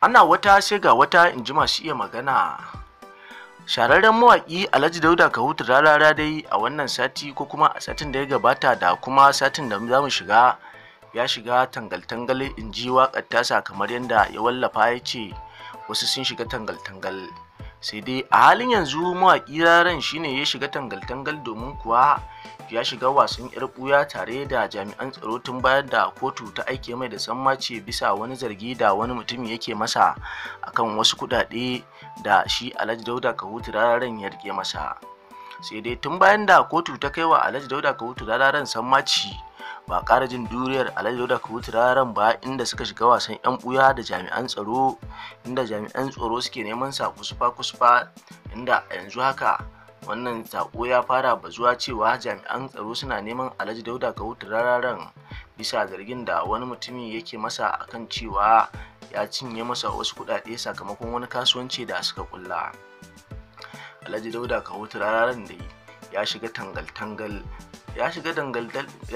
ana wata sai ga wata in ji masu iya magana shararren mawaƙi alhaji dauda kahutu rarara dai a wannan sati ko kuma a satin da ya gabata da kuma satin da za mu shiga ya shiga tangal-tangal in ji waƙar tasa kamar yadda ya wallafa ya ce wasu sun shiga tangal-tangal sai dai a halin yanzu mawaƙi raran shine ya shiga tangal-tangal domin kuwa ya shiga wasan yar buya tare da jami'an tsaro tun bayan da kotu ta aike mai da sammace bisa wani zargi da wani mutum yake masa akan wasu kudade da shi alhaji dauda kahutu ran ya rike masa sai dai tun bayan da kotu ta kaiwa wa alhaji dauda kahutu san sammaci ba ƙara jin duriyar alhaji da raran ba inda suka shiga wasan 'yan buya da jami'an tsaro inda jami'an tsaro suke neman sa kusfa kusfa inda yanzu haka wannan sako ya fara bazuwa cewa jami'an tsaro suna neman alhaji dauda kawu raran. bisa zargin da wani mutumi yake masa kan cewa ya cinye masa wasu kudade sakamakon wani kasuwanci da suka kulla alhaji dauda kawu raran da ya shiga tangal-tangal ya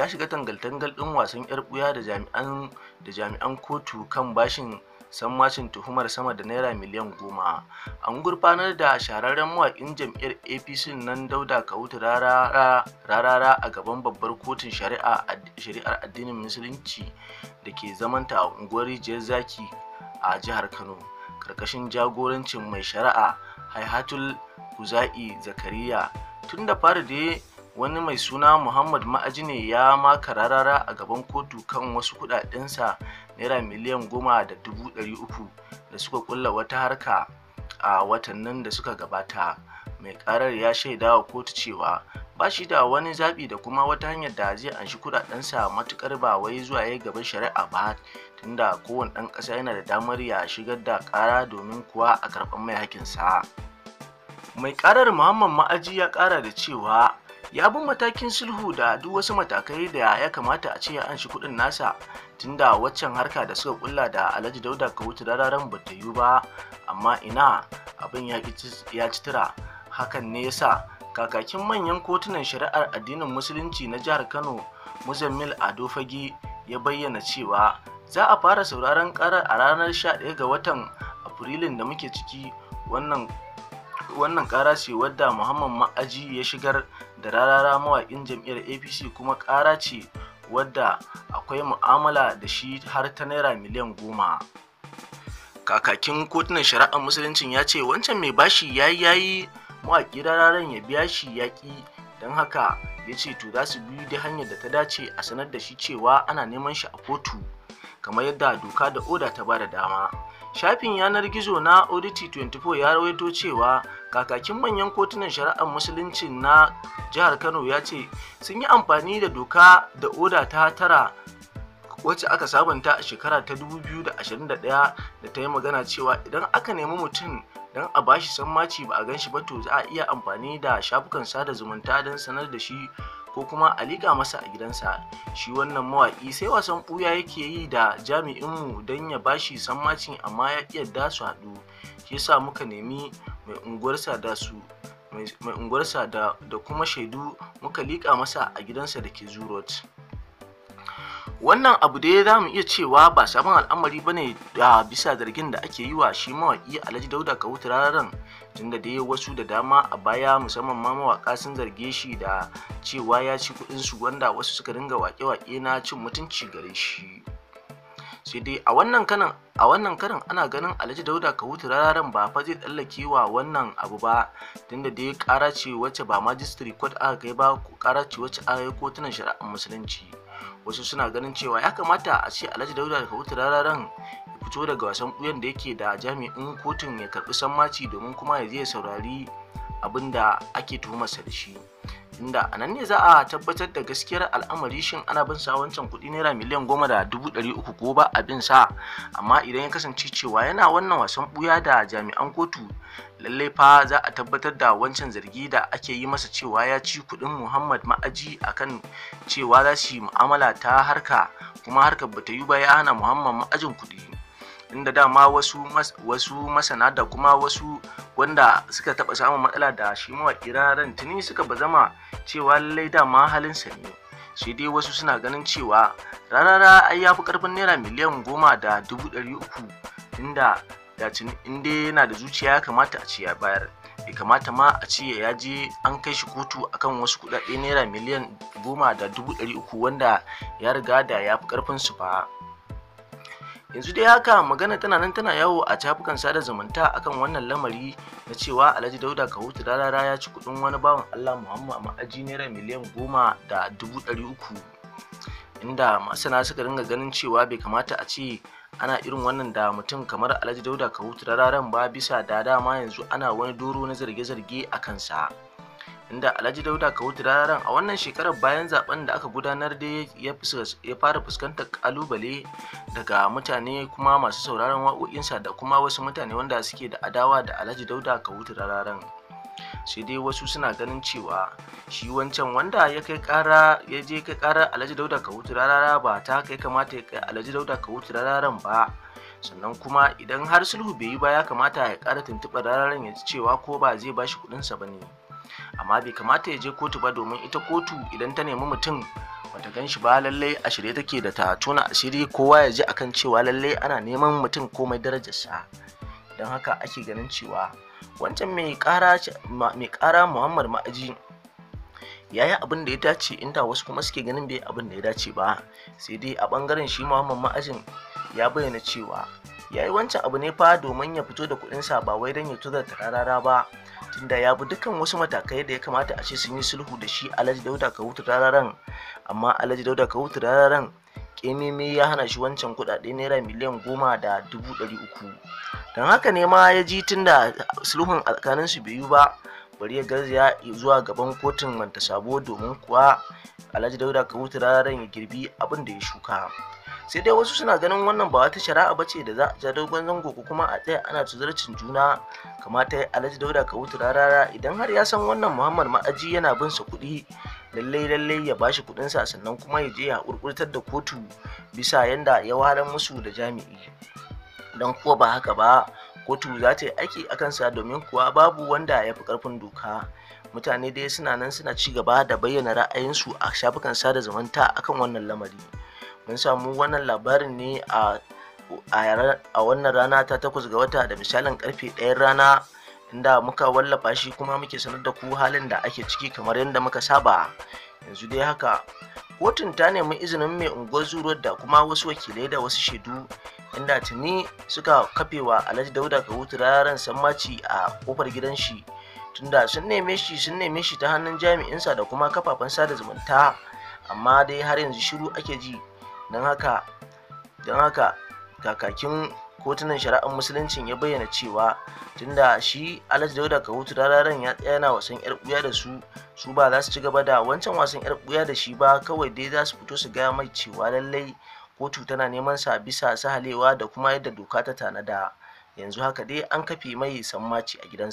shiga tangal-tangal ɗin wasan 'yar ɓuya da jami'an kotu kan bashin sammacin tuhumar sama da naira miliyan goma an gurfanar da shahararren mawaƙin jam'iyyar apc nan dauda wuta rarara a gaban babbar kotun shari'ar addinin musulunci da ke zamanta a unguwar rijiyar zaki a jihar kano karkashin jagorancin mai shari'a haihatul guza'i zakariya tun da fara da wani mai suna muhammad ne ya maka rarara a gaban kotu kan wasu kudadensa naira miliyan goma da dubu ɗari uku da suka kulla wata harka a watannin da suka gabata mai karar ya shaida wa kotu cewa ba shi da wani zaɓi da kuma wata hanyar da zai anshi kudadensa matukar ba wai zuwa ya gaban shari'a ba tunda kowane ɗan ƙasa yana da damar ya shigar da ƙara domin kuwa a karɓar mai hakinsa mai karar muhammad ma'aji ya ƙara da cewa ya bin matakin sulhu da duk wasu matakai da ya kamata a ce an shi kudin nasa tunda waccan harka da suka kulla da alhaji dauda ka wuce dararen ba yi ba amma ina abin ya ci hakan ne yasa kakakin manyan kotunan shari'ar addinin musulunci na jihar kano muzammil ado fagi ya bayyana cewa za a fara sauraron karar a ranar 11 ga watan afrilun da muke ciki wannan wannan kara ce wadda muhammad ma'aji ya shigar da rarara mawaƙin jam'iyyar apc kuma kara ce wadda akwai mu'amala da shi har ta naira miliyan goma kakakin kotunan shari'ar musuluncin ya ce wancan mai bashi ya yi yayi mawaƙi rararen ya biya shi yaƙi don haka ya ce to za su biyu da hanyar da ta dace a sanar da shi cewa ana neman shi a kotu kamar yadda doka da oda ta ba da dama Shafin yanar gizo na Audity24 ya rawaito cewa kakakin manyan kotunan shari'ar musulunci na jihar Kano ya ce sun yi amfani da doka da oda ta tara wacce aka sabunta a shekara ta 2021 da ta yi magana cewa idan aka nemi mutum don a bashi sammaci ba a gan shi ba to za a iya amfani da shafukan sada zumunta don sanar da shi ko kuma a liƙa masa a gidansa shi wannan mawaƙi sai wasan ɓuya yake yi da jami'inmu don ya bashi sammacin amma ya yarda su haɗu shi yasa muka nemi mai unguwarsa da mai unguwarsa da kuma shaidu muka liƙa masa a gidansa da ke zurot wannan abu da za mu iya cewa ba sabon al'amari ba ne da bisa zargin da ake yi wa shi mawaƙi alhaji dauda kawu turaren tunda dai wasu da dama a baya musamman ma mawaƙa sun zarge shi da cewa ya ci su wanda wasu suka ringa waƙe-waƙe na cin mutunci gare shi sai dai a wannan kanan a wannan karin ana ganin alhaji dauda kawu turaren ba fa zai tsallake wa wannan abu ba tunda dai ƙara ce wacce ba majistri court aka kai ba ƙara ce wacce aka yi kotunan shari'ar musulunci wasu suna ganin cewa ya kamata a ce alhaji dauda da kabutu rararen ya fito daga wasan ɓuyan da yake da jami'in kotun ya karɓi sammaci domin kuma ya je ya saurari abin da ake tuhumarsa da shi tunda a nan ne za a tabbatar da gaskiyar al'amari shin ana bin sa wancan kuɗi naira miliyan goma da dubu ɗari uku ko ba a bin sa amma idan ya kasance cewa yana wannan wasan ɓuya da jami'an kotu lallai fa za a tabbatar da wancan zargi da ake yi masa cewa ya ci kuɗin muhammad ma'aji a kan cewa za su yi mu'amala ta harka kuma harkar bata yi ba ya hana muhammad ma'ajin kuɗi inda dama wasu wasu masana da kuma wasu wanda suka taɓa samun matsala da shi mawaƙi ran tuni suka bazama cewa lallai dama halinsa ne sai dai wasu suna ganin cewa rarara ai ya fi karfin naira miliyan goma da dubu ɗari uku inda dacin inda yana da zuciya ya kamata a ce ya bayar bai kamata ma a ce ya je an kai shi kotu akan wasu kuɗaɗe naira miliyan goma da dubu wanda ya riga da ya fi karfin su ba yanzu dai haka magana tana nan tana yawo a cafukan sada zumunta akan wannan lamari na cewa alhaji dauda kahutu rarara ya ci kudin wani bawan allah muhammad ma'aji naira miliyan goma da dubu ɗari uku inda masana suka ringa ganin cewa bai kamata a ce ana irin wannan da mutum kamar alhaji dauda kahutu rararan ba bisa da dama yanzu ana wani doro na zarge-zarge a kansa. inda Alhaji Dauda Kawutu Rararen a wannan shekarar bayan zaben da aka gudanar da ya fara fuskantar kalubale daga mutane kuma masu sauraron waƙoƙinsa da kuma wasu mutane wanda suke da adawa da Alhaji Dauda Kawutu Rararen. sai dai wasu suna ganin cewa shi wancan wanda ya kai kara ya je kai kara alhaji dauda kawutu rarara ba ta kai kamata ya kai alhaji dauda kawutu rararan ba sannan kuma idan har sulhu bai yi ba ya kamata ya kara tuntuɓar rararen ya ji cewa ko ba zai bashi kuɗinsa ba ne amma bai kamata ya je kotu ba domin ita kotu idan ta nemi mutum bata gan shi ba lallai a shirye take da ta tona shirye kowa ya ji akan cewa lallai ana neman mutum komai darajarsa don haka ake ganin cewa wancan mai kara muhammad ma'aji ya yi abin da ya dace inda wasu kuma suke ganin bai abin da ya dace ba sai dai a bangaren shi muhammad ma'ajin ya bayyana cewa yayi wancan abu ne fa domin ya fito da kudin sa ba wai don ya tura tararara ba tunda ya bi dukkan wasu matakai da ya kamata a ce sun yi sulhu da shi alhaji dauda kawutu rararan amma alhaji dauda kawutu rararan kememe ya hana shi wancan kuɗaɗe naira miliyan goma da dubu dan don haka ne ma ya ji tunda sulhun alkanin su bai yi ba bari ya garzaya zuwa gaban kotun sabo domin kuwa alhaji dauda kawutu rararan ya girbi abin da ya shuka sai dai wasu suna ganin wannan ba wata shari'a bace da za a ja dogon zango ko kuma a tsaya ana tuzarcin juna kamata ya alhaji dauda ka wuta rarara idan har ya san wannan muhammad ma'aji yana bin sa kuɗi lallai lallai ya bashi kuɗin sa sannan kuma ya je ya kurkurtar da kotu bisa yanda ya wahalar musu da jami'i don kuwa ba haka ba kotu za ta yi aiki a kansa domin kuwa babu wanda ya fi karfin doka mutane dai suna nan suna ci gaba da bayyana ra'ayinsu a shafukan sada zumunta akan wannan lamari mun samu wannan labarin ne a a wannan rana ta takwas ga wata da misalin karfe ɗayan rana inda muka wallafa shi kuma muke sanar da ku halin da ake ciki kamar yadda muka saba yanzu dai haka kotun ta nemi izinin mai unguwar zuruwar da kuma wasu wakilai da wasu shaidu inda tuni suka kafewa alhaji dauda ka wuta raran sammaci a kofar gidan shi tunda sun neme shi sun neme shi ta hannun jami'insa da kuma kafafen sada zumunta amma dai har yanzu shiru ake ji don haka don haka kakakin kotunan shari'ar musuluncin ya bayyana cewa tunda shi alhaji dauda kahutu rararen ya yana wasan yar kuya da su su ba za su ci gaba da wancan wasan yar kuya da shi ba kawai dai za su fito su gaya mai cewa lallai kotu tana neman sa bisa sahalewa da kuma yadda doka ta tanada yanzu haka dai an kafe mai sammaci a gidansa